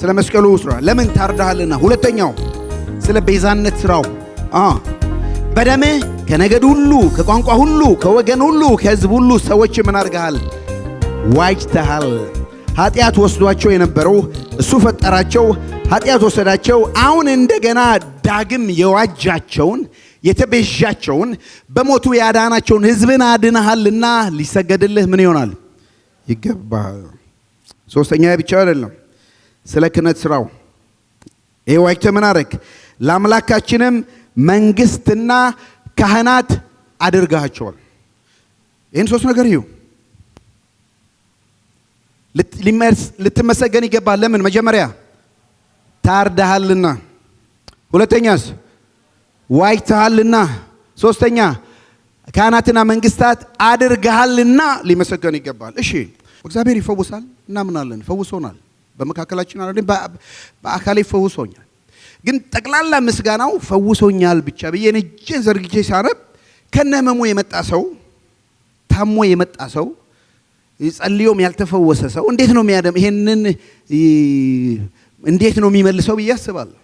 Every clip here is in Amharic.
ስለ መስቀሉ ስራ ለምን ታርዳሃልና። ሁለተኛው ስለ ቤዛነት ስራው በደምህ ከነገድ ሁሉ፣ ከቋንቋ ሁሉ፣ ከወገን ሁሉ፣ ከህዝብ ሁሉ ሰዎች ምን አድርገሃል? ዋጅተሃል። ኃጢአት ወስዷቸው የነበረው እሱ ፈጠራቸው፣ ኃጢአት ወሰዳቸው። አሁን እንደገና ዳግም የዋጃቸውን የተቤዣቸውን በሞቱ ያዳናቸውን ህዝብን አድነሃልና ሊሰገድልህ ምን ይሆናል? ይገባል። ሶስተኛ ብቻ አይደለም ስለ ክነት ስራው ይሄ ዋጅተ ምን ለአምላካችንም መንግስትና ካህናት አድርጋቸዋል። ይህን ሶስት ነገር ይሁ ልትመሰገን ይገባል። ለምን? መጀመሪያ ታርዳሃልና፣ ሁለተኛስ ዋጅተሃልና፣ ሶስተኛ ካህናትና መንግስታት አድርገሃልና ሊመሰገን ይገባል። እሺ፣ እግዚአብሔር ይፈውሳል፣ እናምናለን። ፈውሶናል። በመካከላችን አለ። በአካሌ ፈውሶኛል። ግን ጠቅላላ ምስጋናው ፈውሶኛል ብቻ ብዬ እጄን ዘርግቼ ሳረብ ከነህመሙ የመጣ ሰው ታሞ የመጣ ሰው ጸልዮም ያልተፈወሰ ሰው እንዴት ነው የሚያደም ይሄንን እንዴት ነው የሚመልሰው ብዬ አስባለሁ።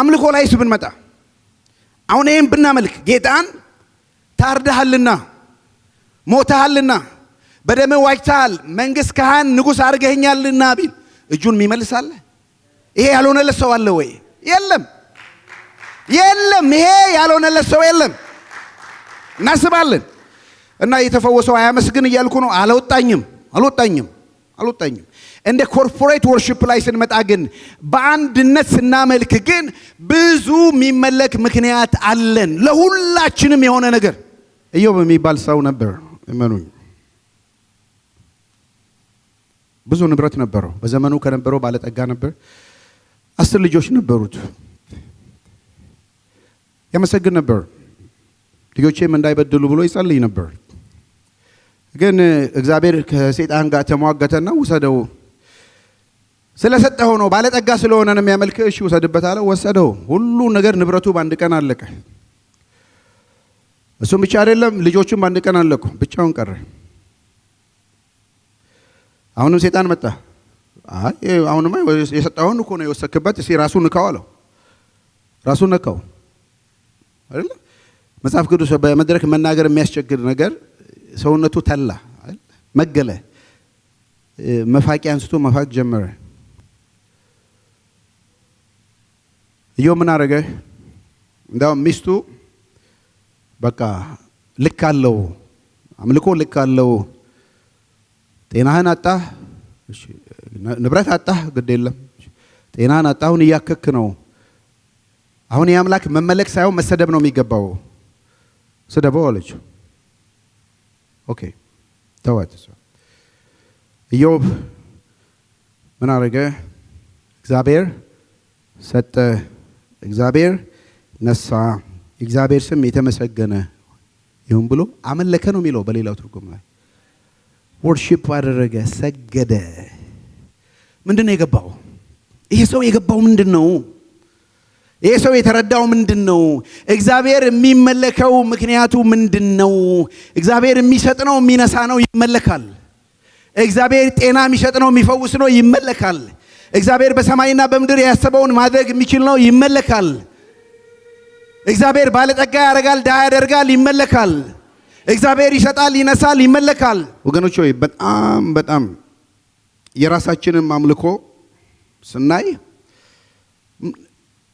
አምልኮ ላይ ላይስ ብንመጣ አሁን ይህም ብናመልክ ጌታን ታርደሃልና ሞተሃልና በደም ዋጅተሃል፣ መንግሥት ካህን ንጉሥ አድርገኸኛልና ቢል እጁን የሚመልሳለ ይሄ ያልሆነለት ሰው አለ ወይ? የለም፣ የለም። ይሄ ያልሆነለት ሰው የለም። እናስባለን እና የተፈወሰው አያመስግን እያልኩ ነው። አልወጣኝም፣ አልወጣኝም፣ አልወጣኝም። እንደ ኮርፖሬት ወርሽፕ ላይ ስንመጣ ግን በአንድነት ስናመልክ ግን ብዙ የሚመለክ ምክንያት አለን። ለሁላችንም የሆነ ነገር ኢዮብ የሚባል ሰው ነበር እመኑኝ። ብዙ ንብረት ነበረው። በዘመኑ ከነበረው ባለጠጋ ነበር። አስር ልጆች ነበሩት። ያመሰግን ነበር። ልጆቼም እንዳይበድሉ ብሎ ይጸልይ ነበር። ግን እግዚአብሔር ከሴጣን ጋር ተሟገተና ውሰደው ስለሰጠው ነው ባለጠጋ ስለሆነ ነው የሚያመልክ። እሺ ውሰድበት አለ። ወሰደው። ሁሉ ነገር ንብረቱ በአንድ ቀን አለቀ። እሱም ብቻ አይደለም ልጆቹም በአንድ ቀን አለቁ። ብቻውን ቀረ። አሁንም ሴጣን መጣ። አይ አሁንማ እኮ ነው የወሰክበት። እስኪ ራሱ ንካው አለው። ራሱ ነካው መጽሐፍ ቅዱስ በመድረክ መናገር የሚያስቸግር ነገር ሰውነቱ ተላ፣ መገለ፣ መፋቂያ አንስቶ መፋቅ ጀመረ። እዮብ ምን አደረገ? እንዳውም ሚስቱ በቃ ልክ አለው አምልኮ ልክ አለው ጤናህን አጣህ፣ ንብረት አጣህ፣ ግድ የለም ጤናህን አጣህ። አሁን እያከክ ነው። አሁን የአምላክ መመለክ ሳይሆን መሰደብ ነው የሚገባው። ስደበው አለች። ኦኬ ተዋት። ኢዮብ ምን አደረገ? እግዚአብሔር ሰጠ፣ እግዚአብሔር ነሳ፣ እግዚአብሔር ስም የተመሰገነ ይሁን ብሎ አመለከ ነው የሚለው በሌላው ትርጉም ላይ ወርሺፕ አደረገ፣ ሰገደ። ምንድን ነው የገባው? ይሄ ሰው የገባው ምንድን ነው? ይሄ ሰው የተረዳው ምንድን ነው? እግዚአብሔር የሚመለከው ምክንያቱ ምንድን ነው? እግዚአብሔር የሚሰጥ ነው የሚነሳ ነው ይመለካል። እግዚአብሔር ጤና የሚሰጥ ነው የሚፈውስ ነው ይመለካል። እግዚአብሔር በሰማይና በምድር ያሰበውን ማድረግ የሚችል ነው ይመለካል። እግዚአብሔር ባለጠጋ ያደርጋል፣ ድሃ ያደርጋል ይመለካል። እግዚአብሔር ይሰጣል፣ ይነሳል፣ ይመለካል። ወገኖች ሆይ በጣም በጣም የራሳችንን አምልኮ ስናይ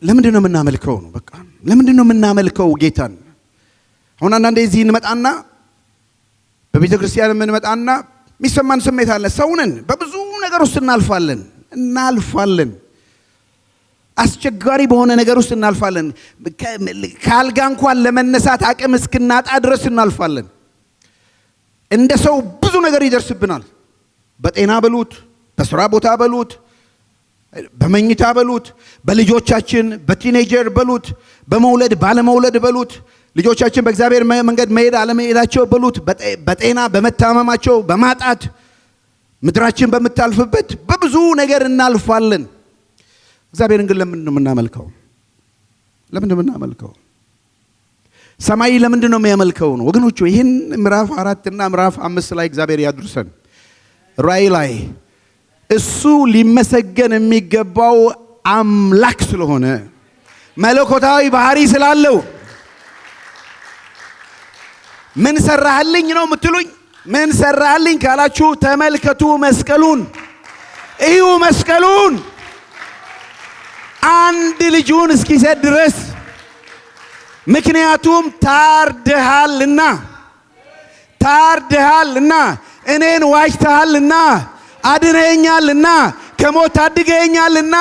ለምንድን ነው የምናመልከው ነው በቃ ለምንድን ነው የምናመልከው ጌታን? አሁን አንዳንዴ እዚህ እንመጣና በቤተ ክርስቲያን የምንመጣና የሚሰማን ስሜት አለ። ሰውንን በብዙ ነገር ውስጥ እናልፋለን እናልፋለን አስቸጋሪ በሆነ ነገር ውስጥ እናልፋለን። ከአልጋ እንኳን ለመነሳት አቅም እስክናጣ ድረስ እናልፋለን። እንደ ሰው ብዙ ነገር ይደርስብናል። በጤና በሉት፣ በስራ ቦታ በሉት፣ በመኝታ በሉት፣ በልጆቻችን በቲኔጀር በሉት፣ በመውለድ ባለመውለድ በሉት፣ ልጆቻችን በእግዚአብሔር መንገድ መሄድ አለመሄዳቸው በሉት፣ በጤና በመታመማቸው በማጣት ምድራችን በምታልፍበት በብዙ ነገር እናልፋለን። እግዚአብሔርን ግን ለምንድን ነው የምናመልከው? ለምንድን ነው የምናመልከው? ሰማይ ለምንድን ነው የሚያመልከው ነው ወገኖቹ። ይህን ምዕራፍ አራት እና ምዕራፍ አምስት ላይ እግዚአብሔር ያድርሰን። ራእይ ላይ እሱ ሊመሰገን የሚገባው አምላክ ስለሆነ መለኮታዊ ባህሪ ስላለው ምን ሰራህልኝ ነው የምትሉኝ? ምን ሰራህልኝ ካላችሁ ተመልከቱ መስቀሉን፣ እዩ መስቀሉን አንድ ልጁን እስኪሰጥ ድረስ ምክንያቱም ታርድሃልና ታርድሃልና እኔን ዋጅተሃልና አድነኸኛልና ከሞት አድገኸኛልና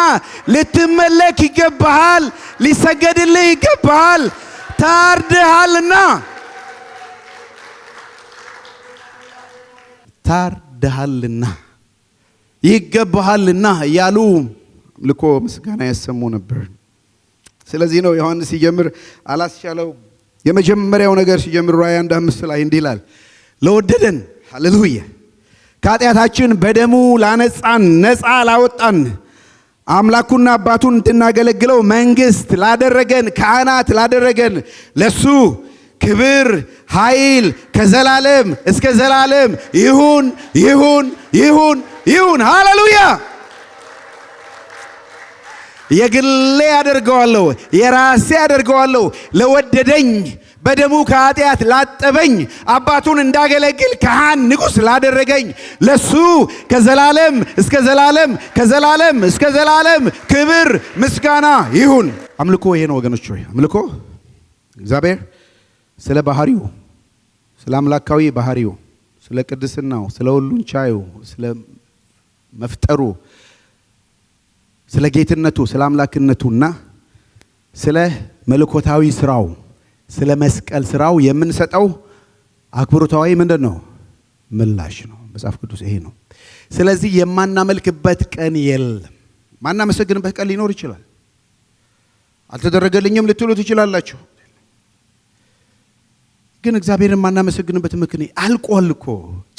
ልትመለክ ይገባሃል፣ ሊሰገድልህ ይገባሃል። ታርድሃልና ታርድሃልና ይገባሃልና እያሉ ልኮ ምስጋና ያሰሙ ነበር። ስለዚህ ነው ዮሐንስ ሲጀምር አላስቻለው። የመጀመሪያው ነገር ሲጀምር ራእይ አንድ አምስት ላይ እንዲህ ይላል ለወደደን ሃሌሉያ ከኃጢአታችን በደሙ ላነጻን ነፃ ላወጣን አምላኩና አባቱን እንድናገለግለው መንግስት ላደረገን ካህናት ላደረገን ለሱ ክብር ኃይል ከዘላለም እስከ ዘላለም ይሁን ይሁን ይሁን ይሁን ሃሌሉያ የግሌ አደርገዋለሁ፣ የራሴ አደርገዋለሁ። ለወደደኝ በደሙ ከኃጢአት ላጠበኝ አባቱን እንዳገለግል ካህን ንጉሥ ላደረገኝ ለሱ ከዘላለም እስከ ዘላለም ከዘላለም እስከ ዘላለም ክብር ምስጋና ይሁን። አምልኮ ይሄ ነው ወገኖች። ሆይ አምልኮ እግዚአብሔር ስለ ባህሪው፣ ስለ አምላካዊ ባህሪው፣ ስለ ቅድስናው፣ ስለ ሁሉን ቻዩ፣ ስለ መፍጠሩ ስለ ጌትነቱ፣ ስለ አምላክነቱና ስለ መልኮታዊ ስራው ስለ መስቀል ስራው የምንሰጠው አክብሮታዊ ምንድን ነው? ምላሽ ነው። መጽሐፍ ቅዱስ ይሄ ነው። ስለዚህ የማናመልክበት ቀን የለም። ማናመሰግንበት ቀን ሊኖር ይችላል። አልተደረገልኝም ልትሉ ትችላላችሁ። ግን እግዚአብሔርን የማናመሰግንበት ምክንያት አልቋል እኮ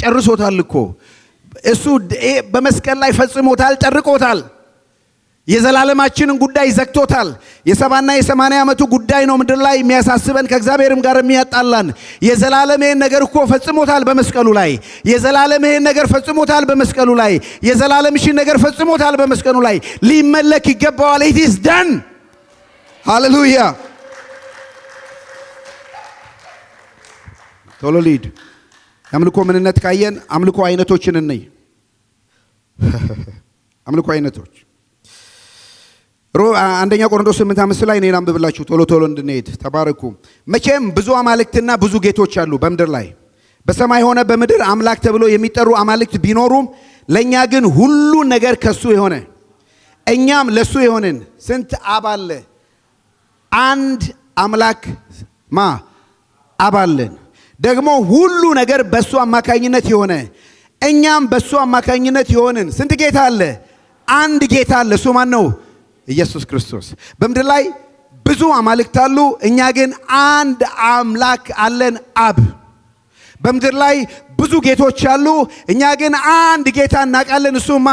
ጨርሶታል እኮ እሱ በመስቀል ላይ ፈጽሞታል፣ ጨርቆታል። የዘላለማችንን ጉዳይ ዘግቶታል። የሰባና የሰማንያ ዓመቱ ጉዳይ ነው ምድር ላይ የሚያሳስበን ከእግዚአብሔርም ጋር የሚያጣላን። የዘላለም ይሄን ነገር እኮ ፈጽሞታል በመስቀሉ ላይ። የዘላለም ይሄን ነገር ፈጽሞታል በመስቀሉ ላይ። የዘላለም ሽን ነገር ፈጽሞታል በመስቀሉ ላይ። ሊመለክ ይገባዋል። ኢትስ ደን ዳን። ሃሌሉያ። ቶሎ ሊድ የአምልኮ ምንነት ካየን አምልኮ አይነቶችን እንይ። አምልኮ አይነቶች አንደኛ ቆሮንቶስ ስምንት አምስት ላይ እኔን አንብብላችሁ ቶሎ ቶሎ እንድንሄድ ተባረኩ። መቼም ብዙ አማልክትና ብዙ ጌቶች አሉ በምድር ላይ በሰማይ ሆነ በምድር አምላክ ተብሎ የሚጠሩ አማልክት ቢኖሩም ለእኛ ግን ሁሉ ነገር ከሱ የሆነ እኛም ለሱ የሆንን ስንት አብ አለ። አንድ አምላክ ማ አብ አለን። ደግሞ ሁሉ ነገር በሱ አማካኝነት የሆነ እኛም በሱ አማካኝነት የሆንን ስንት ጌታ አለ? አንድ ጌታ አለ። እሱ ማን ነው? ኢየሱስ ክርስቶስ። በምድር ላይ ብዙ አማልክት አሉ፣ እኛ ግን አንድ አምላክ አለን አብ። በምድር ላይ ብዙ ጌቶች አሉ፣ እኛ ግን አንድ ጌታ እናውቃለን፣ እሱማ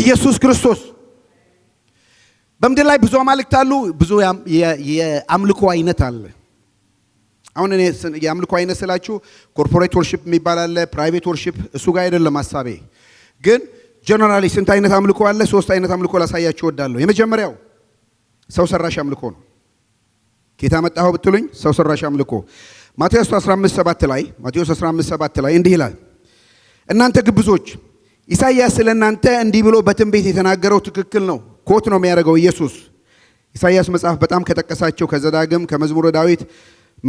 ኢየሱስ ክርስቶስ። በምድር ላይ ብዙ አማልክት አሉ፣ ብዙ የአምልኮ አይነት አለ። አሁን እኔ የአምልኮ አይነት ስላችሁ ኮርፖሬት ወርሽፕ የሚባል አለ፣ ፕራይቬት ወርሽፕ እሱ ጋር አይደለም ሀሳቤ ግን ጀነራሊ ስንት አይነት አምልኮ አለ? ሶስት አይነት አምልኮ ላሳያችሁ እወዳለሁ። የመጀመሪያው ሰው ሰራሽ አምልኮ ነው። ጌታ መጣኸው ብትሉኝ ሰው ሰራሽ አምልኮ ማቴዎስ 15:7 ላይ ማቴዎስ 15:7 ላይ እንዲህ ይላል፣ እናንተ ግብዞች ኢሳይያስ ስለ እናንተ እንዲህ ብሎ በትንቢት የተናገረው ትክክል ነው። ኮት ነው የሚያደርገው ኢየሱስ። ኢሳይያስ መጽሐፍ በጣም ከጠቀሳቸው ከዘዳግም ከመዝሙረ ዳዊት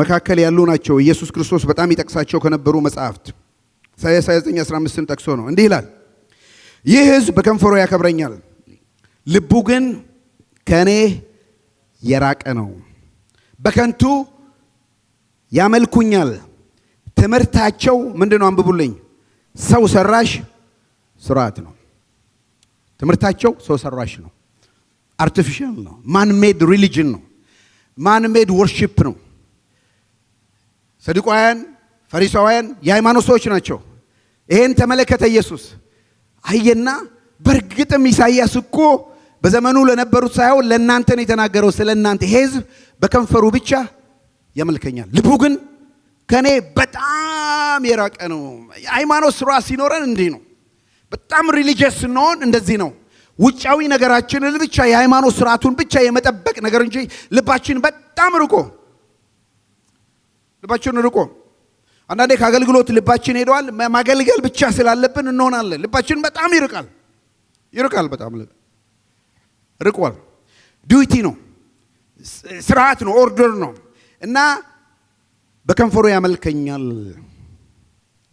መካከል ያሉ ናቸው። ኢየሱስ ክርስቶስ በጣም ይጠቅሳቸው ከነበሩ መጽሐፍት ኢሳይያስ 15 ን ጠቅሶ ነው እንዲህ ይላል ይህ ህዝብ በከንፈሩ ያከብረኛል፣ ልቡ ግን ከእኔ የራቀ ነው። በከንቱ ያመልኩኛል። ትምህርታቸው ምንድን ነው? አንብቡልኝ። ሰው ሰራሽ ስርዓት ነው። ትምህርታቸው ሰው ሰራሽ ነው። አርቲፊሻል ነው። ማንሜድ ሪሊጅን ነው። ማንሜድ ወርሺፕ ነው። ሰዱቃውያን፣ ፈሪሳውያን የሃይማኖት ሰዎች ናቸው። ይሄን ተመለከተ ኢየሱስ። አየና በእርግጥም ኢሳይያስ እኮ በዘመኑ ለነበሩት ሳይሆን ለእናንተ ነው የተናገረው። ስለ እናንተ ይሄ ሕዝብ በከንፈሩ ብቻ ያመልከኛል፣ ልቡ ግን ከእኔ በጣም የራቀ ነው። የሃይማኖት ስራ ሲኖረን እንዲህ ነው። በጣም ሪሊጂየስ ስንሆን እንደዚህ ነው። ውጫዊ ነገራችንን ብቻ የሃይማኖት ስርዓቱን ብቻ የመጠበቅ ነገር እንጂ ልባችን በጣም ርቆ ልባችን ርቆ አንዳንዴ ከአገልግሎት ልባችን ሄደዋል። ማገልገል ብቻ ስላለብን እንሆናለን። ልባችን በጣም ይርቃል ይርቃል፣ በጣም ርቋል። ዲዩቲ ነው፣ ስርዓት ነው፣ ኦርደር ነው እና በከንፈሩ ያመልከኛል፣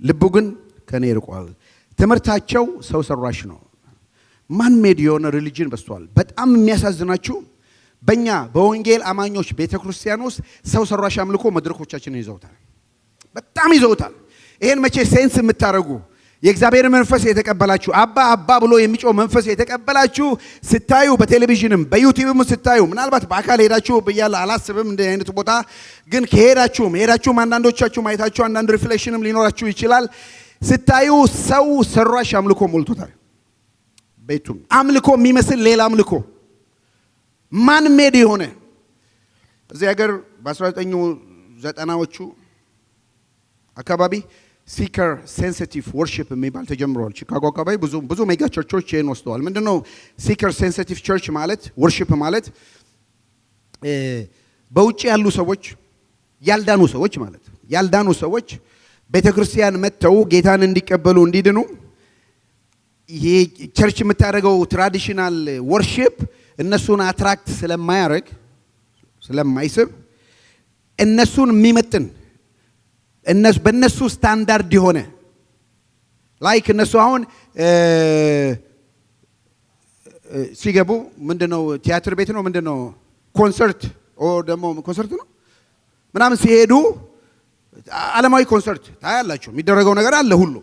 ልቡ ግን ከእኔ ይርቋል። ትምህርታቸው ሰው ሰራሽ ነው። ማን ሜድ የሆነ ሪሊጅን በስተዋል። በጣም የሚያሳዝናችሁ በእኛ በወንጌል አማኞች ቤተክርስቲያን ውስጥ ሰው ሰራሽ አምልኮ መድረኮቻችንን ይዘውታል። በጣም ይዘውታል። ይሄን መቼ ሴንስ የምታደርጉ የእግዚአብሔር መንፈስ የተቀበላችሁ አባ አባ ብሎ የሚጮው መንፈስ የተቀበላችሁ ስታዩ፣ በቴሌቪዥንም በዩቲዩብም ስታዩ፣ ምናልባት በአካል ሄዳችሁ ብያለ አላስብም እንደ አይነት ቦታ ግን ከሄዳችሁም ሄዳችሁም አንዳንዶቻችሁ ማየታችሁ አንዳንድ ሪፍሌክሽንም ሊኖራችሁ ይችላል። ስታዩ ሰው ሰራሽ አምልኮ ሞልቶታል። ቤቱም አምልኮ የሚመስል ሌላ አምልኮ ማን ሜድ የሆነ እዚህ ሀገር በ1990ዎቹ አካባቢ ሲከር ሴንሲቲቭ ወርሺፕ የሚባል ተጀምረዋል። ቺካጎ አካባቢ ብዙ ብዙ ሜጋ ቸርቾች ይህን ወስደዋል። ምንድነው ሲከር ሴንሲቲቭ ቸርች ማለት ወርሺፕ ማለት በውጭ ያሉ ሰዎች ያልዳኑ ሰዎች ማለት ያልዳኑ ሰዎች ቤተ ክርስቲያን መጥተው ጌታን እንዲቀበሉ እንዲድኑ ይሄ ቸርች የምታደርገው ትራዲሽናል ወርሺፕ እነሱን አትራክት ስለማያደርግ ስለማይስብ እነሱን የሚመጥን በእነሱ ስታንዳርድ የሆነ ላይክ እነሱ አሁን ሲገቡ ምንድነው ቲያትር ቤት ነው ምንድነው ኮንሰርት ኦር ደግሞ ኮንሰርት ነው ምናምን ሲሄዱ ዓለማዊ ኮንሰርት ታያላችሁ። የሚደረገው ነገር አለ ሁሉ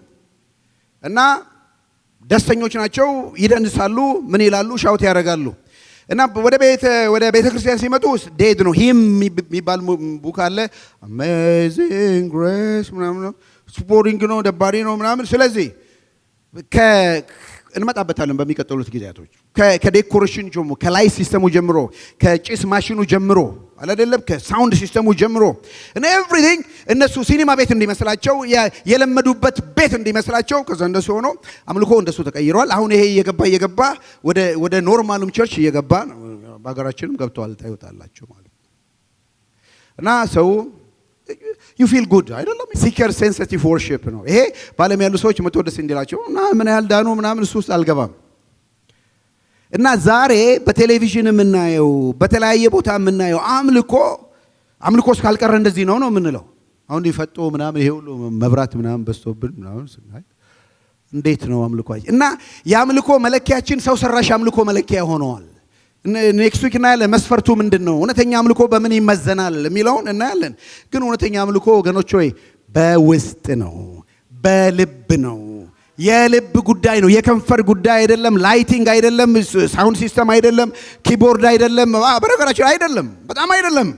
እና ደስተኞች ናቸው፣ ይደንሳሉ፣ ምን ይላሉ፣ ሻውት ያደርጋሉ። እና ወደ ቤተ ወደ ቤተ ክርስቲያን ሲመጡ ዴድ ነው። ሂም የሚባል ቡክ አለ። አሜዚንግ ግሬስ ምናምን ስፖሪንግ ነው፣ ደባሪ ነው ምናምን። ስለዚህ እንመጣበታለን በሚቀጥሉት ጊዜያቶች። ከዴኮሬሽን ጀምሮ ከላይ ሲስተሙ ጀምሮ ከጭስ ማሽኑ ጀምሮ አላደለም ከሳውንድ ሲስተሙ ጀምሮ እና ኤቭሪቲንግ እነሱ ሲኒማ ቤት እንዲመስላቸው የለመዱበት ቤት እንዲመስላቸው፣ ከዛ እንደሱ ሆኖ አምልኮ እንደሱ ተቀይሯል። አሁን ይሄ እየገባ እየገባ ወደ ኖርማሉም ቸርች እየገባ በሀገራችንም ገብተዋል ታይወጣላቸው ማለት እና ሰው ዩ ፊል ጉድ አይደለም። ሲከር ሴንሲቲቭ ወርሺፕ ነው ይሄ። በዓለም ያሉ ሰዎች መቶ ደስ እንዲላቸው እና ምን ያህል ዳኑ ምናምን እሱ ውስጥ አልገባም። እና ዛሬ በቴሌቪዥን የምናየው በተለያየ ቦታ የምናየው አምልኮ አምልኮ እስካልቀረ እንደዚህ ነው ነው የምንለው። አሁን ይፈጦ ምናምን ይሄ ሁሉ መብራት ምናምን በዝቶብን ምናምን ስናይ እንዴት ነው አምልኮ? እና የአምልኮ መለኪያችን ሰው ሰራሽ አምልኮ መለኪያ ሆነዋል። ኔክስት ዊክ እናያለን። መስፈርቱ ምንድን ነው? እውነተኛ አምልኮ በምን ይመዘናል የሚለውን እናያለን። ግን እውነተኛ አምልኮ ወገኖች ሆይ በውስጥ ነው፣ በልብ ነው። የልብ ጉዳይ ነው። የከንፈር ጉዳይ አይደለም። ላይቲንግ አይደለም። ሳውንድ ሲስተም አይደለም። ኪቦርድ አይደለም። በነገራችን አይደለም፣ በጣም አይደለም።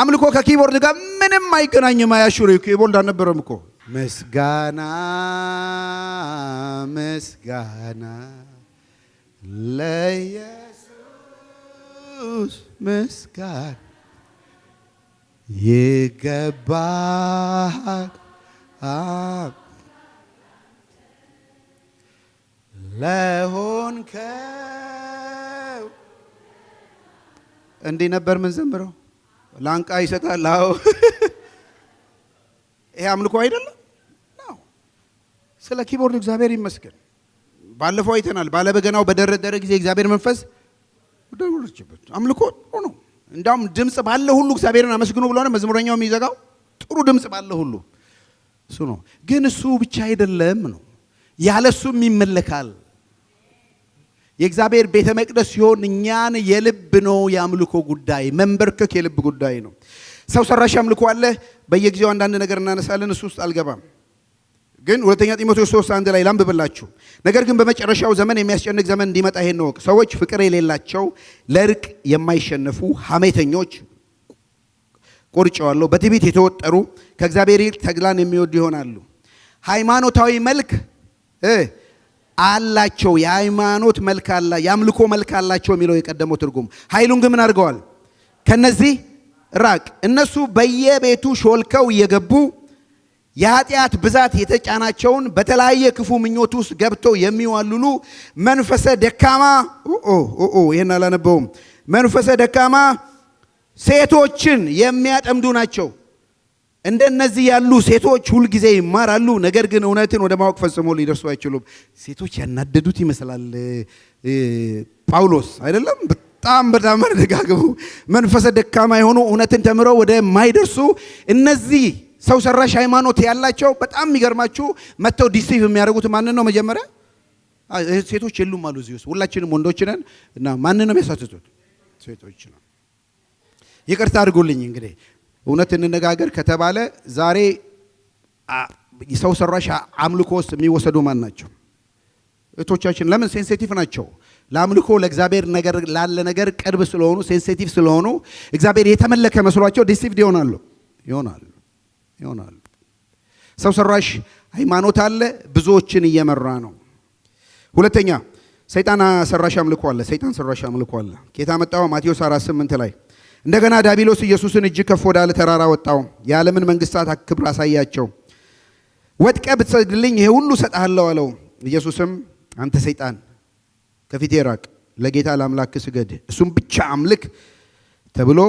አምልኮ ከኪቦርድ ጋር ምንም አይገናኝም። አያሹሪ ኪቦርድ አልነበረም እኮ ምስጋና ምስጋና ለየ ቅዱስ ምስጋና ይገባሃል ለሆንከው እንዲህ ነበር ምን ዘምረው ላንቃ ይሰጣል። አዎ ይሄ አምልኮ አይደለም። ስለ ኪቦርድ እግዚአብሔር ይመስገን። ባለፈው አይተናል። ባለበገናው በደረደረ ጊዜ እግዚአብሔር መንፈስ ደውለችበት አምልኮ ጥሩ ነው። እንዳውም ድምፅ ባለ ሁሉ እግዚአብሔርን አመስግኑ ብለሆነ መዝሙረኛው የሚዘጋው ጥሩ ድምፅ ባለ ሁሉ እሱ ነው። ግን እሱ ብቻ አይደለም ነው ያለ እሱም ይመለካል። የእግዚአብሔር ቤተ መቅደስ ሲሆን እኛን የልብ ነው የአምልኮ ጉዳይ። መንበርከክ የልብ ጉዳይ ነው። ሰው ሰራሽ አምልኮ አለ። በየጊዜው አንዳንድ ነገር እናነሳለን። እሱ ውስጥ አልገባም። ግን ሁለተኛ ጢሞቴዎስ 3 አንድ ላይ ላንብብላችሁ። ነገር ግን በመጨረሻው ዘመን የሚያስጨንቅ ዘመን እንዲመጣ ይሄን ነው። ሰዎች ፍቅር የሌላቸው፣ ለእርቅ የማይሸነፉ፣ ሐሜተኞች፣ ቆርጨዋለሁ፣ በትዕቢት የተወጠሩ፣ ከእግዚአብሔር ይልቅ ተድላን የሚወዱ ይሆናሉ። ሃይማኖታዊ መልክ አላቸው፣ የሃይማኖት መልክ አላ የአምልኮ መልክ አላቸው የሚለው የቀደመው ትርጉም። ኃይሉን ግን ምን አድርገዋል? ከነዚህ ራቅ። እነሱ በየቤቱ ሾልከው እየገቡ የኃጢአት ብዛት የተጫናቸውን በተለያየ ክፉ ምኞት ውስጥ ገብተው የሚዋልሉ መንፈሰ ደካማ ይህን አላነበውም። መንፈሰ ደካማ ሴቶችን የሚያጠምዱ ናቸው። እንደነዚህ ያሉ ሴቶች ሁልጊዜ ይማራሉ፣ ነገር ግን እውነትን ወደ ማወቅ ፈጽሞ ሊደርሱ አይችሉም። ሴቶች ያናደዱት ይመስላል ጳውሎስ አይደለም? በጣም በጣም መደጋግሙ መንፈሰ ደካማ የሆኑ እውነትን ተምረው ወደ ማይደርሱ እነዚህ ሰው ሰራሽ ሃይማኖት ያላቸው በጣም የሚገርማችሁ መጥተው ዲሲቭ የሚያደርጉት ማንን ነው? መጀመሪያ ሴቶች የሉም አሉ እዚህ ውስጥ ሁላችንም ወንዶች ነን እና ማንን ነው የሚያሳትቱት? ሴቶች ነው። ይቅርታ አድርጉልኝ። እንግዲህ እውነት እንነጋገር ከተባለ ዛሬ ሰው ሰራሽ አምልኮ ውስጥ የሚወሰዱ ማን ናቸው? እህቶቻችን ለምን ሴንሲቲቭ ናቸው? ለአምልኮ ለእግዚአብሔር ነገር ላለ ነገር ቅርብ ስለሆኑ ሴንሲቲቭ ስለሆኑ እግዚአብሔር የተመለከ መስሏቸው ዲሲቭድ ይሆናሉ ይሆናሉ ይሆናሉ። ሰው ሰራሽ ሃይማኖት አለ፣ ብዙዎችን እየመራ ነው። ሁለተኛ ሰይጣን ሰራሽ አምልኮ አለ። ሰይጣን ሰራሽ አምልኮ አለ። ጌታ መጣው ማቴዎስ 4:8 ላይ እንደገና ዳቢሎስ ኢየሱስን እጅ ከፍ ወዳለ ተራራ ወጣው፣ የዓለምን መንግስታት ክብር አሳያቸው። ወጥቀ ብትሰግድልኝ ይሄ ሁሉ እሰጥሃለሁ አለው። ኢየሱስም አንተ ሰይጣን ከፊቴ ራቅ፣ ለጌታ ለአምላክ ስገድ፣ እሱም ብቻ አምልክ ተብሎ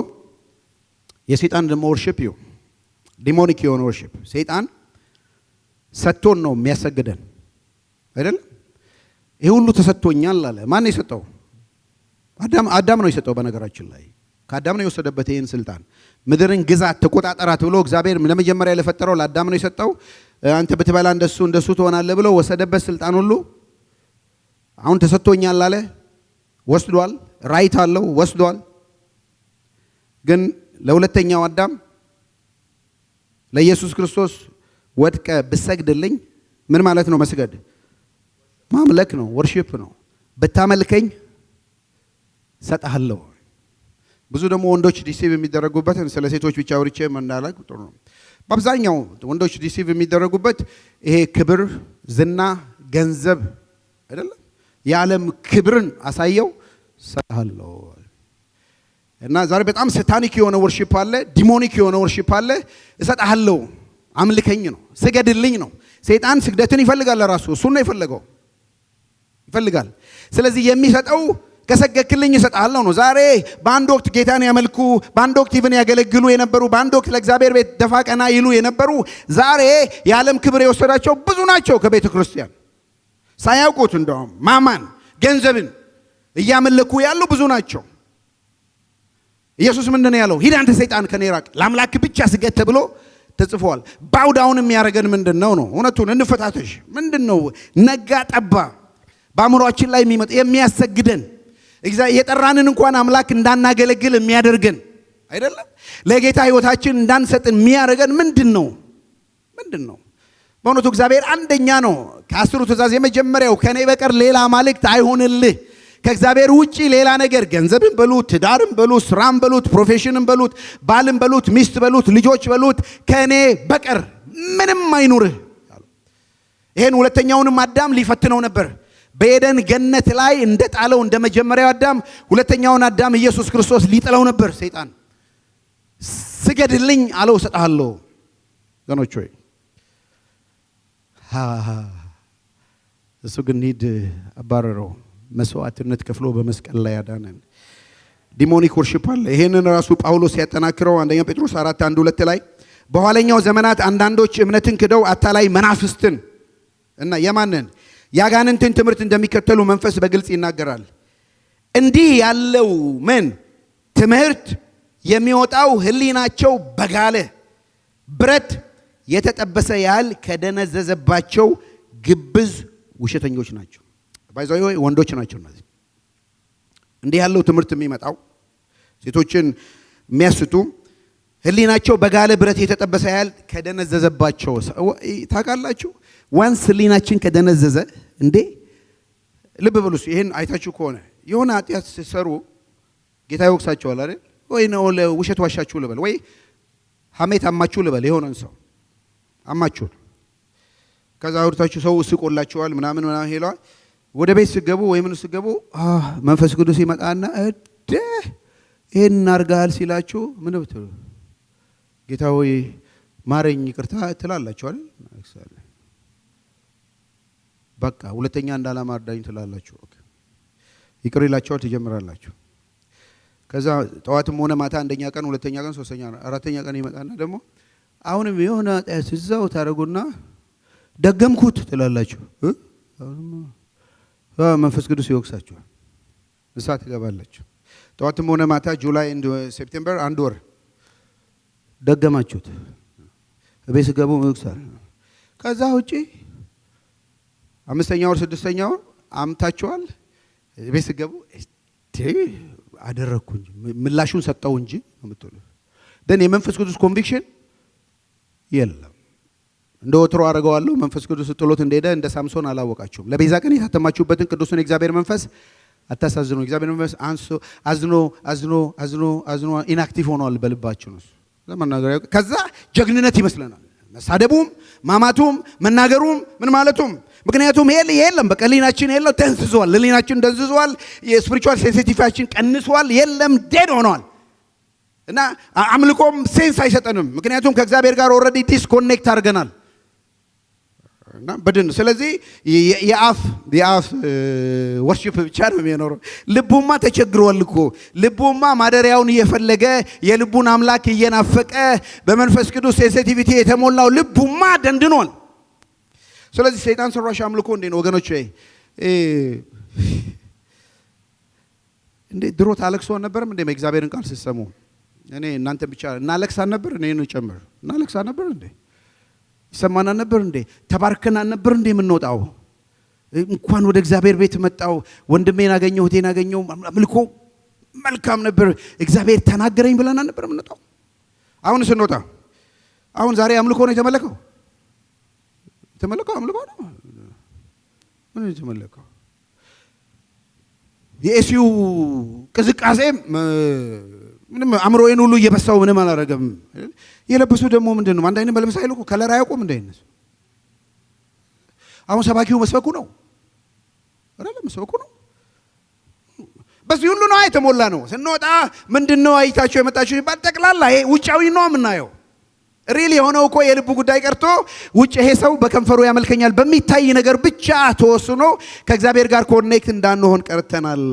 የሰይጣን ደሞ ወርሽፕ ይው ዲሞኒክ የሆነ ወርሺፕ ሰይጣን ሰጥቶን ነው የሚያሰግደን አይደል? ይህ ሁሉ ተሰጥቶኛል አለ። ማን ነው የሰጠው? አዳም ነው የሰጠው። በነገራችን ላይ ከአዳም ነው የወሰደበት ይህን ስልጣን። ምድርን ግዛት ተቆጣጠራት ብሎ እግዚአብሔር ለመጀመሪያ ለፈጠረው ለአዳም ነው የሰጠው። አንተ ብትበላ እንደሱ እንደሱ ትሆናለህ ብሎ ወሰደበት ስልጣን ሁሉ አሁን ተሰጥቶኛል አለ። ወስዷል። ራይት አለው ወስዷል። ግን ለሁለተኛው አዳም ለኢየሱስ ክርስቶስ ወድቀ ብሰግድልኝ ምን ማለት ነው? መስገድ ማምለክ ነው፣ ወርሺፕ ነው። ብታመልከኝ ሰጥሃለሁ። ብዙ ደግሞ ወንዶች ዲሲቭ የሚደረጉበትን ስለ ሴቶች ብቻ አውርቼ መናላቅ ጥሩ ነው። በአብዛኛው ወንዶች ዲሲቭ የሚደረጉበት ይሄ ክብር፣ ዝና፣ ገንዘብ አይደለም። የዓለም ክብርን አሳየው ሰጥሃለሁ እና ዛሬ በጣም ሰታኒክ የሆነ ወርሺፕ አለ፣ ዲሞኒክ የሆነ ወርሺፕ አለ። እሰጥሃለሁ፣ አምልከኝ ነው፣ ስገድልኝ ነው። ሰይጣን ስግደትን ይፈልጋል፣ ለራሱ እሱን ነው የፈለገው ይፈልጋል። ስለዚህ የሚሰጠው ከሰገክልኝ እሰጥሃለሁ ነው። ዛሬ በአንድ ወቅት ጌታን ያመልኩ፣ በአንድ ወቅት ኢቭን ያገለግሉ የነበሩ፣ በአንድ ወቅት ለእግዚአብሔር ቤት ደፋ ቀና ይሉ የነበሩ ዛሬ የዓለም ክብር የወሰዳቸው ብዙ ናቸው። ከቤተ ክርስቲያን ሳያውቁት እንደውም ማማን ገንዘብን እያመለኩ ያሉ ብዙ ናቸው። ኢየሱስ ምንድን ነው ያለው? ሂድ አንተ ሰይጣን ከኔ ራቅ፣ ለአምላክ ብቻ ስገድ ተብሎ ተጽፏል። ባውዳውን የሚያደርገን ምንድን ነው ነው? እውነቱን እንፈታተሽ። ምንድን ነው ነጋ ጠባ በአእምሯችን ላይ የሚመጣ የሚያሰግደን የጠራንን እንኳን አምላክ እንዳናገለግል የሚያደርገን አይደለም፣ ለጌታ ህይወታችን እንዳንሰጥን የሚያደርገን ምንድን ነው? ምንድን ነው? በእውነቱ እግዚአብሔር አንደኛ ነው። ከአስሩ ትእዛዝ የመጀመሪያው ከእኔ በቀር ሌላ አማልክት አይሁንልህ ከእግዚአብሔር ውጪ ሌላ ነገር ገንዘብን በሉት፣ ትዳርም በሉት፣ ስራም በሉት፣ ፕሮፌሽንም በሉት፣ ባልም በሉት፣ ሚስት በሉት፣ ልጆች በሉት፣ ከእኔ በቀር ምንም አይኑርህ። ይህን ሁለተኛውንም አዳም ሊፈትነው ነበር። በኤደን ገነት ላይ እንደ ጣለው እንደ መጀመሪያው አዳም ሁለተኛውን አዳም ኢየሱስ ክርስቶስ ሊጥለው ነበር ሰይጣን። ስገድልኝ አለው እሰጥሃለሁ። ገኖች ሆይ እሱ ግን ሂድ አባረረው። መስዋዕትነት ከፍሎ በመስቀል ላይ ያዳነን ዲሞኒክ ወርሽፕ አለ። ይህንን ራሱ ጳውሎስ ያጠናክረው አንደኛ ጴጥሮስ አራት አንድ ሁለት ላይ በኋለኛው ዘመናት አንዳንዶች እምነትን ክደው አታላይ መናፍስትን እና የማንን የአጋንንትን ትምህርት እንደሚከተሉ መንፈስ በግልጽ ይናገራል። እንዲህ ያለው ምን ትምህርት የሚወጣው ሕሊናቸው በጋለ ብረት የተጠበሰ ያህል ከደነዘዘባቸው ግብዝ ውሸተኞች ናቸው። ወንዶች ናቸው እነዚህ። እንዲህ ያለው ትምህርት የሚመጣው ሴቶችን የሚያስቱ ህሊናቸው በጋለ ብረት የተጠበሰ ያህል ከደነዘዘባቸው ታውቃላችሁ። ዋንስ ህሊናችን ከደነዘዘ እንዴ ልብ ብሉስ። ይህን አይታችሁ ከሆነ የሆነ ኃጢአት ሲሰሩ ጌታ ይወቅሳቸዋል አይደል? ወይ ነው ዋሻችሁ ልበል፣ ወይ ሀሜት አማችሁ ልበል። የሆነን ሰው አማችሁ ከዛ ሰው ስቆላችኋል ምናምን ምናምን ወደ ቤት ስገቡ ወይም ምን ስገቡ መንፈስ ቅዱስ ይመጣና እደ ይህን እናርጋል ሲላችሁ ምን ብትሉ ጌታ ሆይ ማረኝ ይቅርታ ትላላችኋል። በቃ ሁለተኛ አርዳኝ ትላላችሁ። ይቅር ይላቸዋል፣ ትጀምራላችሁ። ከዛ ጠዋትም ሆነ ማታ አንደኛ ቀን፣ ሁለተኛ ቀን፣ ሶስተኛ አራተኛ ቀን ይመጣና ደግሞ አሁንም የሆነ እዛው ታደረጉና ደገምኩት ትላላችሁ። መንፈስ ቅዱስ ይወቅሳችኋል፣ እሳት ይገባላችሁ። ጠዋትም ሆነ ማታ ጁላይ፣ ሴፕቴምበር አንድ ወር ደገማችሁት። ቤት ስገቡ ይወቅሳል። ከዛ ውጪ አምስተኛ ወር ስድስተኛ ወር አምታችኋል። ቤት ስገቡ አደረግኩ እንጂ ምላሹን ሰጠው እንጂ ምትሉ ደን የመንፈስ ቅዱስ ኮንቪክሽን የለም። እንደ ወትሮ አድርገዋለሁ። መንፈስ ቅዱስ ጥሎት እንደሄደ እንደ ሳምሶን አላወቃችሁም። ለቤዛ ቀን የታተማችሁበትን ቅዱሱን የእግዚአብሔር መንፈስ አታሳዝኑ። እግዚአብሔር መንፈስ አንሶ አዝኖ አዝኖ አዝኖ አዝኖ ኢንአክቲቭ ሆኗል በልባችሁ ከዛ ጀግንነት ይመስለናል። መሳደቡም፣ ማማቱም፣ መናገሩም ምን ማለቱም ምክንያቱም ይሄ የለም በቃ ሊናችን የለም ደንዝዟል። ለሊናችን ደንዝዟል። የስፒሪቹዋል ሴንሲቲቫችን ቀንሷል። የለም ዴድ ሆኗል። እና አምልኮም ሴንስ አይሰጠንም። ምክንያቱም ከእግዚአብሔር ጋር ኦልሬዲ ዲስኮኔክት አድርገናል። እና በድን ስለዚህ የአፍ የአፍ ወርሺፕ ብቻ ነው የሚኖረው። ልቡማ ተቸግሯል እኮ ልቡማ ማደሪያውን እየፈለገ የልቡን አምላክ እየናፈቀ በመንፈስ ቅዱስ ሴንሲቲቪቲ የተሞላው ልቡማ ደንድኗል። ስለዚህ ሰይጣን ሰራሽ አምልኮ እንዴ ነው ወገኖች? እንዴ ድሮ ታለቅሶ አልነበረም እንዴ? እግዚአብሔርን ቃል ሲሰሙ እኔ እናንተ ብቻ እናለቅስ አልነበር? እኔን ጨምር እናለቅስ አልነበር እንዴ? ይሰማና ነበር እንዴ? ተባርከና ነበር እንዴ የምንወጣው? እንኳን ወደ እግዚአብሔር ቤት መጣው፣ ወንድሜን አገኘው፣ እህቴን አገኘው፣ አምልኮ መልካም ነበር፣ እግዚአብሔር ተናገረኝ ብለና ነበር የምንወጣው። አሁን ስንወጣ አሁን ዛሬ አምልኮ ነው የተመለከው፣ የተመለከው አምልኮ ነው። ምን የተመለከው? የኤሲዩ ቅዝቃዜ ምንም አእምሮዬን ሁሉ እየበሳው ምንም አላረገም። የለበሱ ደግሞ ምንድን ነው? አንድ አይነት በለምሳ አይልቁ ከለር አያውቁም። እንደ አይነት አሁን ሰባኪው መስበኩ ነው አይደለም፣ መስበኩ ነው። በዚህ ሁሉ ነው የተሞላ ነው። ስንወጣ ምንድን ነው አይታቸው የመጣቸው ሲባል ጠቅላላ ይሄ ውጫዊ ነው የምናየው። ሪል የሆነው እኮ የልቡ ጉዳይ ቀርቶ ውጭ ይሄ ሰው በከንፈሩ ያመልከኛል በሚታይ ነገር ብቻ ተወስኖ ከእግዚአብሔር ጋር ኮኔክት እንዳንሆን ቀርተናል።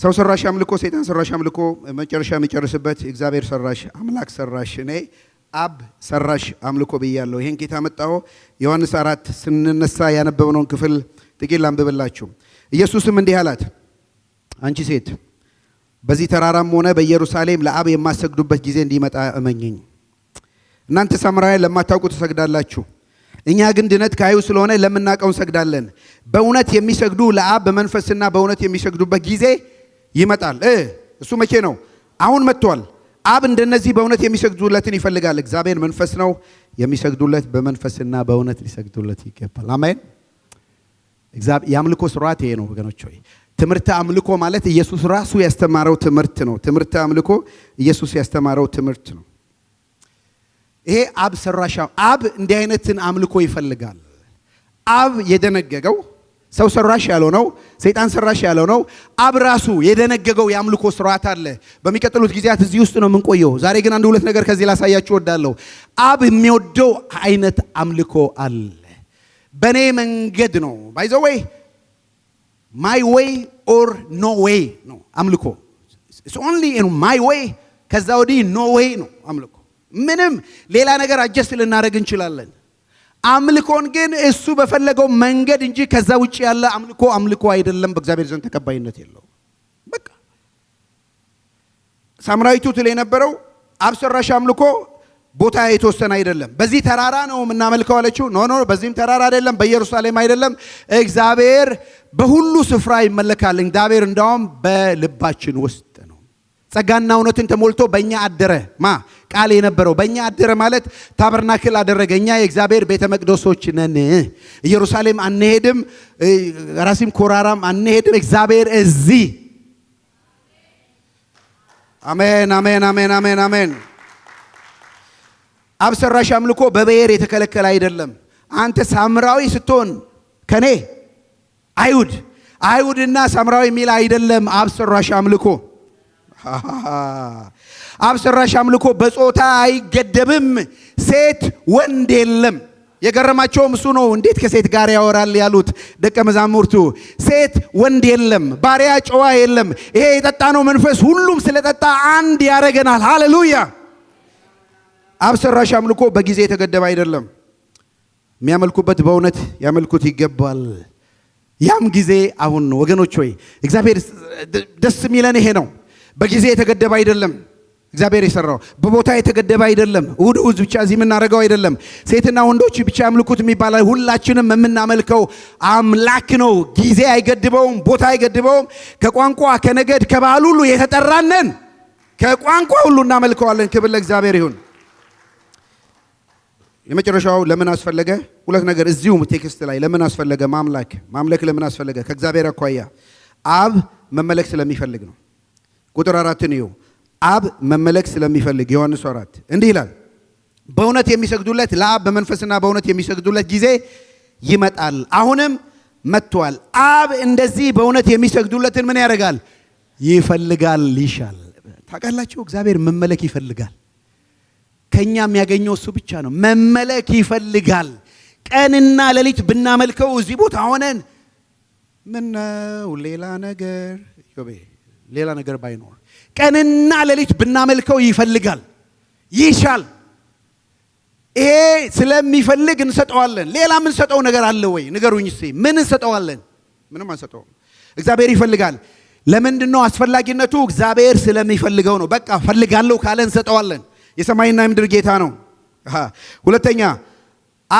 ሰው ሰራሽ አምልኮ፣ ሰይጣን ሰራሽ አምልኮ መጨረሻ የሚጨርስበት እግዚአብሔር ሰራሽ አምላክ ሰራሽ እኔ አብ ሰራሽ አምልኮ ብያለሁ። ይህን ጌታ መጣሁ ዮሐንስ አራት ስንነሳ ያነበብነውን ክፍል ጥቂት ላንብብላችሁ። ኢየሱስም እንዲህ አላት፣ አንቺ ሴት በዚህ ተራራም ሆነ በኢየሩሳሌም ለአብ የማሰግዱበት ጊዜ እንዲመጣ እመኝኝ። እናንተ ሳምራውያን ለማታውቁ ትሰግዳላችሁ፣ እኛ ግን ድነት ከአይሁድ ስለሆነ ለምናቀው እንሰግዳለን። በእውነት የሚሰግዱ ለአብ በመንፈስና በእውነት የሚሰግዱበት ጊዜ ይመጣል። እሱ መቼ ነው? አሁን መጥቷል። አብ እንደነዚህ በእውነት የሚሰግዱለትን ይፈልጋል። እግዚአብሔር መንፈስ ነው። የሚሰግዱለት በመንፈስና በእውነት ሊሰግዱለት ይገባል። አሜን። የአምልኮ ስርዓት ይሄ ነው ወገኖች። ሆይ ትምህርተ አምልኮ ማለት ኢየሱስ ራሱ ያስተማረው ትምህርት ነው። ትምህርተ አምልኮ ኢየሱስ ያስተማረው ትምህርት ነው። ይሄ አብ ሰራሻ አብ እንዲህ አይነትን አምልኮ ይፈልጋል። አብ የደነገገው ሰው ሰራሽ ያለው ነው። ሰይጣን ሰራሽ ያለው ነው። አብ ራሱ የደነገገው የአምልኮ ስርዓት አለ። በሚቀጥሉት ጊዜያት እዚህ ውስጥ ነው የምንቆየው። ዛሬ ግን አንድ ሁለት ነገር ከዚህ ላሳያችሁ እወዳለሁ። አብ የሚወደው አይነት አምልኮ አለ። በእኔ መንገድ ነው ባይዘው ወይ ማይ ዌይ ኦር ኖ ወይ ነው አምልኮ። ኢትስ ኦንሊ ኢን ማይ ወይ፣ ከዛ ወዲህ ኖ ወይ ነው አምልኮ። ምንም ሌላ ነገር አጀስት ልናደርግ እንችላለን አምልኮን ግን እሱ በፈለገው መንገድ እንጂ ከዛ ውጭ ያለ አምልኮ አምልኮ አይደለም፣ በእግዚአብሔር ዘንድ ተቀባይነት የለው። በቃ ሳምራዊቱ ትል የነበረው አብ ሰራሽ አምልኮ ቦታ የተወሰነ አይደለም። በዚህ ተራራ ነው የምናመልከው አለችው። ኖ ኖ፣ በዚህም ተራራ አይደለም፣ በኢየሩሳሌም አይደለም። እግዚአብሔር በሁሉ ስፍራ ይመለካል። እግዚአብሔር እንዳውም በልባችን ውስጥ ነው። ጸጋና እውነትን ተሞልቶ በእኛ አደረ ማ ቃል የነበረው በእኛ አደረ ማለት ታበርናክል አደረገ። እኛ የእግዚአብሔር ቤተ መቅደሶች ነን። ኢየሩሳሌም አንሄድም፣ ራሲም ኮራራም አንሄድም። እግዚአብሔር እዚህ። አሜን፣ አሜን፣ አሜን፣ አሜን፣ አሜን። አብ ሰራሽ አምልኮ በብሔር የተከለከለ አይደለም። አንተ ሳምራዊ ስትሆን ከኔ አይሁድ አይሁድና ሳምራዊ የሚል አይደለም። አብ ሰራሽ አምልኮ አብ ሰራሽ አምልኮ በጾታ አይገደብም፣ ሴት ወንድ የለም። የገረማቸውም እሱ ነው። እንዴት ከሴት ጋር ያወራል ያሉት ደቀ መዛሙርቱ። ሴት ወንድ የለም፣ ባሪያ ጨዋ የለም። ይሄ የጠጣ ነው መንፈስ ሁሉም ስለጠጣ አንድ ያደረገናል። ሃሌሉያ! አብ ሰራሽ አምልኮ በጊዜ የተገደበ አይደለም። የሚያመልኩበት በእውነት ያመልኩት ይገባል። ያም ጊዜ አሁን ነው ወገኖች። ወይ እግዚአብሔር ደስ የሚለን ይሄ ነው። በጊዜ የተገደበ አይደለም። እግዚአብሔር የሰራው በቦታ የተገደበ አይደለም። እሁድ እሁድ ብቻ እዚህ የምናደርገው አይደለም። ሴትና ወንዶች ብቻ ያምልኩት የሚባል ሁላችንም የምናመልከው አምላክ ነው። ጊዜ አይገድበውም፣ ቦታ አይገድበውም። ከቋንቋ ከነገድ፣ ከባህል ሁሉ የተጠራነን ከቋንቋ ሁሉ እናመልከዋለን። ክብር ለእግዚአብሔር ይሁን። የመጨረሻው ለምን አስፈለገ? ሁለት ነገር እዚሁ ቴክስት ላይ ለምን አስፈለገ? ማምላክ ማምለክ ለምን አስፈለገ? ከእግዚአብሔር አኳያ አብ መመለክ ስለሚፈልግ ነው። ቁጥር አራትን ይኸው አብ መመለክ ስለሚፈልግ ዮሐንስ አራት እንዲህ ይላል፣ በእውነት የሚሰግዱለት ለአብ በመንፈስና በእውነት የሚሰግዱለት ጊዜ ይመጣል፣ አሁንም መጥቷል። አብ እንደዚህ በእውነት የሚሰግዱለትን ምን ያደርጋል? ይፈልጋል፣ ይሻል። ታውቃላችሁ፣ እግዚአብሔር መመለክ ይፈልጋል። ከኛ የሚያገኘው እሱ ብቻ ነው። መመለክ ይፈልጋል። ቀንና ሌሊት ብናመልከው እዚህ ቦታ ሆነን ምነው ሌላ ነገር ሌላ ነገር ባይኖር ቀንና ሌሊት ብናመልከው ይፈልጋል፣ ይሻል። ይሄ ስለሚፈልግ እንሰጠዋለን። ሌላ የምንሰጠው ነገር አለ ወይ? ንገሩኝ እስኪ። ምን እንሰጠዋለን? ምንም አንሰጠውም። እግዚአብሔር ይፈልጋል። ለምንድን ነው አስፈላጊነቱ? እግዚአብሔር ስለሚፈልገው ነው። በቃ ፈልጋለሁ ካለ እንሰጠዋለን። የሰማይና የምድር ጌታ ነው። ሁለተኛ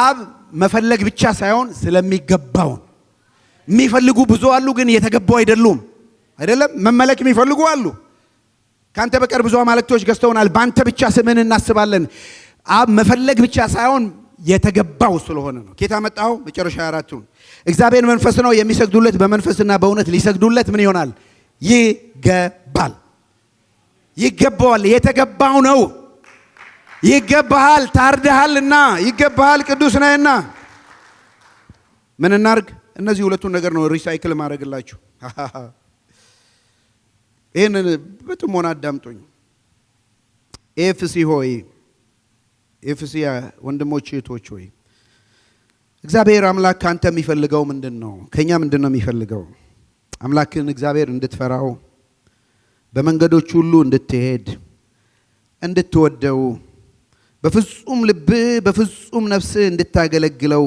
አብ መፈለግ ብቻ ሳይሆን ስለሚገባው የሚፈልጉ ብዙ አሉ፣ ግን የተገባው አይደሉም። አይደለም መመለክ የሚፈልጉ አሉ ከአንተ በቀር ብዙ አማልክቶች ገዝተውናል፣ በአንተ ብቻ ስምን እናስባለን። አብ መፈለግ ብቻ ሳይሆን የተገባው ስለሆነ ነው። ኬታ መጣው መጨረሻ አራቱን እግዚአብሔር መንፈስ ነው፣ የሚሰግዱለት በመንፈስና በእውነት ሊሰግዱለት ምን ይሆናል? ይገባል። ይገባዋል። የተገባው ነው። ይገባሃል። ታርደሃልና ይገባሃል። ቅዱስ ነህና ምን እናርግ? እነዚህ ሁለቱን ነገር ነው ሪሳይክል ማድረግላችሁ ይህንን በጥሞና አዳምጡኝ። ኤፍሲ ሆይ ኤፍሲ ወንድሞች እህቶች ሆይ እግዚአብሔር አምላክ ከአንተ የሚፈልገው ምንድን ነው? ከእኛ ምንድን ነው የሚፈልገው? አምላክን እግዚአብሔር እንድትፈራው፣ በመንገዶች ሁሉ እንድትሄድ፣ እንድትወደው፣ በፍጹም ልብህ በፍጹም ነፍስህ እንድታገለግለው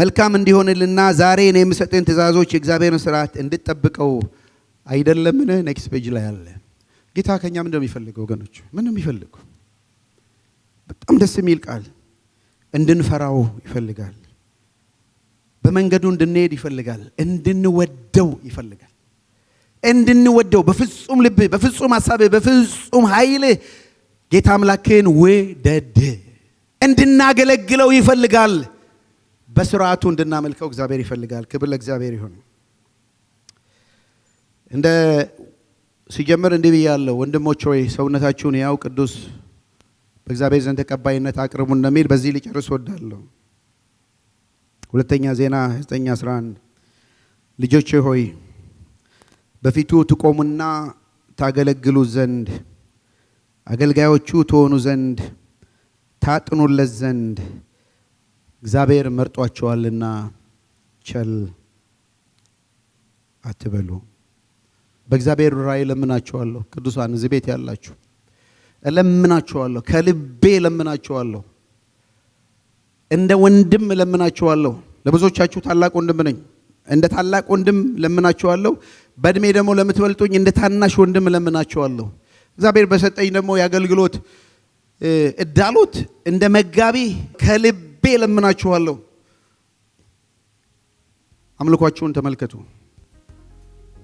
መልካም እንዲሆንልና ዛሬ እኔ የምሰጥህን ትእዛዞች የእግዚአብሔርን ስርዓት እንድትጠብቀው አይደለምን? ኔክስት ፔጅ ላይ አለ። ጌታ ከኛ ምንድነው የሚፈልገው? ወገኖች፣ ምን እንደሚፈልገው በጣም ደስ የሚል ቃል እንድንፈራው ይፈልጋል። በመንገዱ እንድንሄድ ይፈልጋል። እንድንወደው ይፈልጋል። እንድንወደው በፍጹም ልብ በፍጹም ሀሳብ በፍጹም ኃይል ጌታ አምላክን ውደድ። እንድናገለግለው ይፈልጋል። በስርዓቱ እንድናመልከው እግዚአብሔር ይፈልጋል። ክብር ለእግዚአብሔር ይሁን። እንደ ሲጀምር እንዲህ ብያለሁ፣ ወንድሞች ሆይ ሰውነታችሁን ያው ቅዱስ በእግዚአብሔር ዘንድ ተቀባይነት አቅርቡ እንደሚል በዚህ ሊጨርስ ወዳለሁ። ሁለተኛ ዜና 911 ልጆች ሆይ በፊቱ ትቆሙና ታገለግሉ ዘንድ አገልጋዮቹ ትሆኑ ዘንድ ታጥኑለት ዘንድ እግዚአብሔር መርጧቸዋልና ቸል አትበሉ። በእግዚአብሔር ራእይ ለምናችኋለሁ። ቅዱሳን እዚህ ቤት ያላችሁ እለምናችኋለሁ፣ ከልቤ እለምናችኋለሁ፣ እንደ ወንድም እለምናችኋለሁ። ለብዙዎቻችሁ ታላቅ ወንድም ነኝ። እንደ ታላቅ ወንድም እለምናችኋለሁ። በእድሜ ደግሞ ለምትበልጡኝ እንደ ታናሽ ወንድም እለምናችኋለሁ። እግዚአብሔር በሰጠኝ ደግሞ የአገልግሎት እዳሎት እንደ መጋቢ ከልቤ እለምናችኋለሁ። አምልኳችሁን ተመልከቱ።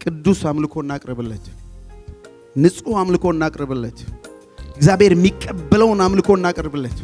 ቅዱስ አምልኮ እናቅርብለት። ንጹህ አምልኮ እናቅርብለት። እግዚአብሔር የሚቀበለውን አምልኮ እናቅርብለት።